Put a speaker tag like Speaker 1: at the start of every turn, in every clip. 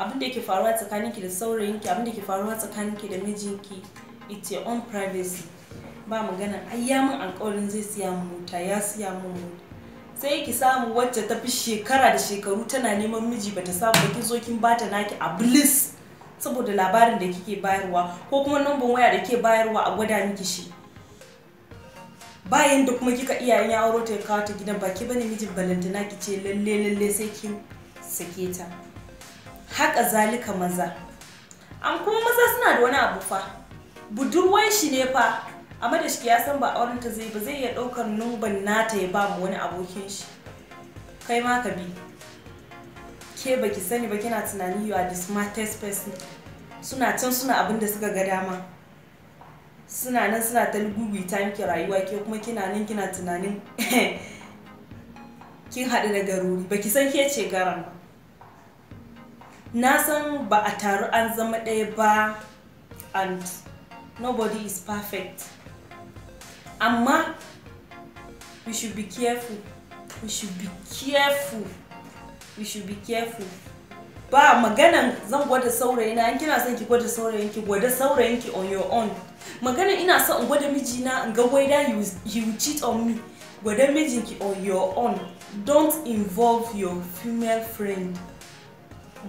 Speaker 1: abin da ke faruwa tsakaninki da saurayinki abin da ke faruwa tsakaninki da mijinki it's your own privacy ba magana ai ya mun alƙawarin zai siya mu mota ya siya mu mota sai ki samu wacce ta fi shekara da shekaru tana neman miji bata samu ba kin zo kin bata naki a bliss saboda labarin da kike bayarwa ko kuma numban waya da kike bayarwa a gwada miki shi bayan da kuma kika iyayen ya auro ta kawo ta gidan baki bane mijin balantana ki ce lalle lalle sai kin sake ta haka zalika maza am kuma maza suna da wani abu fa budurwan shi ne fa amma da shi ya san ba auren ta zai ba zai iya daukar numban nata ya ba mu wani abokin shi kai ma ka bi ke baki sani ba kina tunani you are the smartest person suna can suna abin da suka ga dama suna nan suna ta ta miki rayuwa ke kuma kina nan kina tunanin kin haɗu da garuri baki san ke ce garan ba na san ba a taru an zama ɗaya ba and nobody is perfect amma we should be careful we should be careful we should be careful ba maganan zan gwada saurayina in kina son ki gwada saurayinki. ki gwada saurayinki ki on your own maganan ina son in gwada mijina in ga whether you, will cheat on me gwada mijinki on your own don't involve your female friend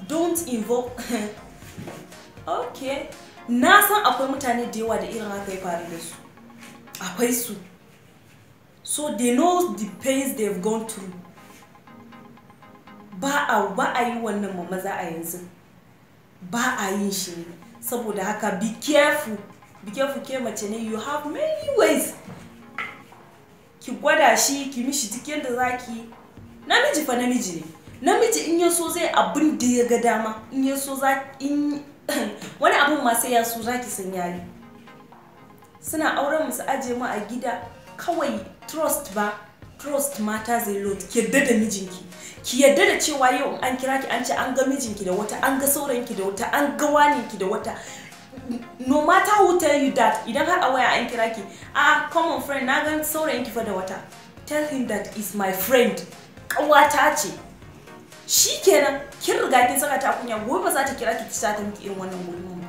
Speaker 1: don't involve okay na san akwai mutane da yawa da irin haka ya faru da su akwai su so they know the pains they've gone through ba a ba a yi wannan ma maza a yanzu ba a yin shi saboda haka be careful be careful ke mace ne you have many ways ki gwada shi ki mishi duk yadda zaki namiji fa namiji ne namiji in ya so zai abin da ya ga dama in ya so za in wani abin ma sai ya so za ki san yayi suna auren mu su aje mu a gida kawai trust ba trust mata zai lot ki yadda da mijinki ki yadda da cewa yau an kira ki an ce an ga mijinki da wata an ga saurayinki da wata an ga waninki da wata no matter who tell you that idan har a waya an kira ki a ah, common friend na ga saurayinki fa da wata tell him that is my friend kawata ce shikenan kin riga kin saka ta gobe ba za ta kira ki ta ta miki irin wannan gulmin ba